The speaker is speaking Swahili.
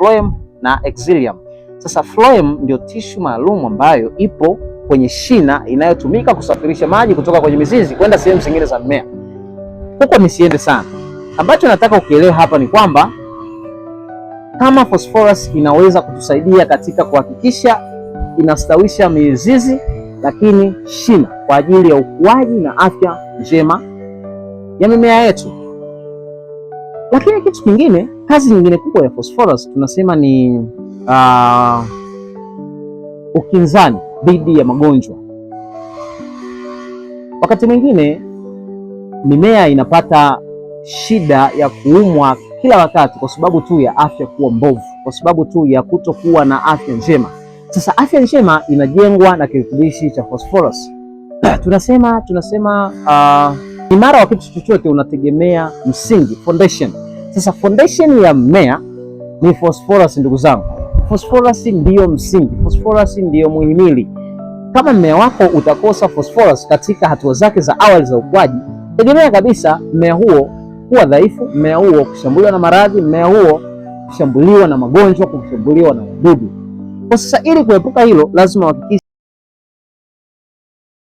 phloem na exilium. Sasa phloem ndio tishu maalum ambayo ipo kwenye shina inayotumika kusafirisha maji kutoka kwenye mizizi kwenda sehemu zingine za mmea. Huko nisiende sana, ambacho nataka ukielewa hapa ni kwamba kama phosphorus inaweza kutusaidia katika kuhakikisha inastawisha mizizi lakini shina kwa ajili ya ukuaji na afya njema ya mimea yetu, lakini kitu kingine Kazi nyingine kubwa ya phosphorus tunasema ni uh, ukinzani dhidi ya magonjwa. Wakati mwingine mimea inapata shida ya kuumwa kila wakati kwa sababu tu ya afya kuwa mbovu, kwa sababu tu ya kutokuwa na afya njema. Sasa afya njema inajengwa na kirutubishi cha phosphorus. tunasema tunasema uh, imara wa kitu chochote unategemea msingi, foundation sasa foundation ya mmea ni phosphorus, ndugu zangu. Phosphorus ndiyo msingi, phosphorus ndiyo muhimili. Kama mmea wako utakosa phosphorus katika hatua zake za awali za ukuaji, tegemea kabisa mmea huo kuwa dhaifu, mmea huo kushambuliwa na maradhi, mmea huo kushambuliwa na magonjwa, kushambuliwa na wadudu. Kwa sasa, ili kuepuka hilo, lazima uhakikishe